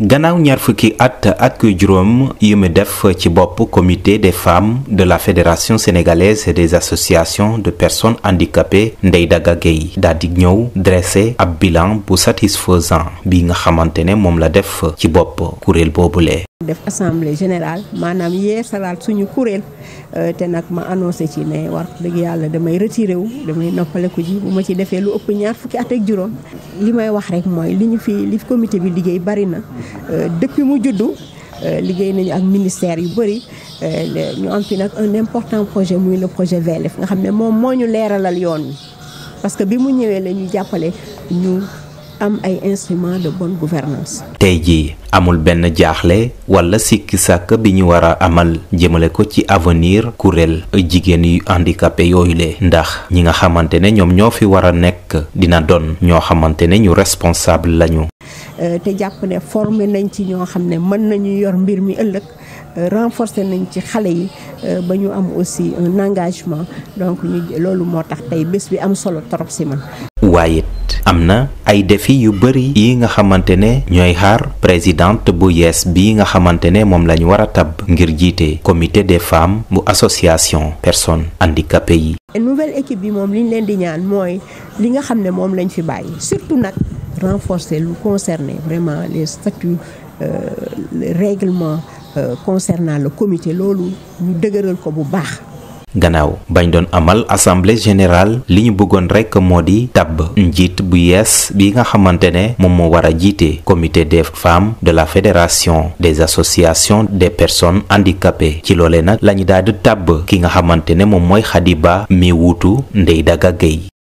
gannaaw ñaar fukki at ak juróom yu mu def ci bopp comité des femmes de la fédération sénégalaise des associations de personnes handicapées Ndeye Daga Gueye daal di ñëw dressé ab bilan bu satisfaisant bi nga xamante ne moom la def ci bopp kuréel boobule. def assemblée générale maanaam salaat suñu kuréel euh, te nag ma annoncé ci ne war dëgg yàlla damay retiré wu damay noppaleku ji bu ma ci defee lu ëpp ñaar fukki at ak juróom. li may wax rek mooy li ñu fi li comité bi liggéey bari na euh, depuis mu juddu euh, liggéey nañu ak ministère yu bari ñu am fi nag un important projet muy le projet VLF e nga xam ne moom moo ñu leeralal yoon wi parce bi mu ñëwee la jàppale ñu. am ay instruments de bonne gouvernance tey jii amul benn jaaxle wala sikki sàkk bi ñu war a amal jëmale ko ci avenir kuréel jigéen yu handicapé yooyu le ndax ñi nga xamante ne ñoom ñoo fi war a nekk dina doon ñoo xamante ne ñu responsable lañu. Euh, te jàpp ne formé nañ ci ñoo xam ne mën nañu yor mbir mi ëllëg euh, renforcer nañ ci xale yi euh, ba ñu am aussi un engagement donc ñu loolu moo tax tey bés bi am solo trop si man. waaye am na ay defi yu bëri yi nga xamante ne ñooy xaar présidente bu yees bi nga xamante ne moom la ñu war a tabb ngir jiite comité des femmes bu association personnes handicapées yi. nouvelle équipe bi moom li leen di ñaan mooy li nga xam ne moom lañ fi bàyyi surtout nag renforcer lu concerné vraiment les statuts euh, les règlements euh, concernant le comité loolu ñu dëgëral ko bu baax. gannaaw bañ doon amal assemblée générale li ñu bëggoon rekk moo di tabb njiit bu yees bi nga xamante ne moom moo war a jiite commité des femmes de la fédération des associations des personnes handicapées ci loole nag lañu daal di tàbb ki nga xamante ne moom mooy Khady Ba mi wuutu Ndeye Daga Gueye